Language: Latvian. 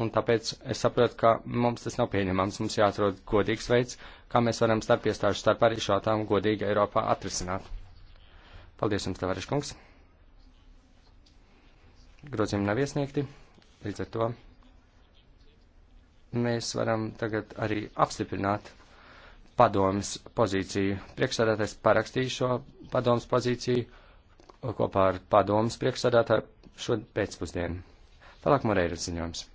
un tāpēc es saprotu, ka mums tas nav pieņemams. Mums jāatrod godīgs veids, kā mēs varam starp iestāžu starp arī šo tām godīgi Eiropā atrisināt. Paldies jums, Tavariš kungs. Grozījumi nav iesniegti, līdz ar to mēs varam tagad arī apstiprināt padomas pozīciju. Priekšsēdētājs parakstīja šo padomas pozīciju kopā ar padomas priekšsēdētāju šo pēcpusdienu. Tālāk Moreiras ziņojums.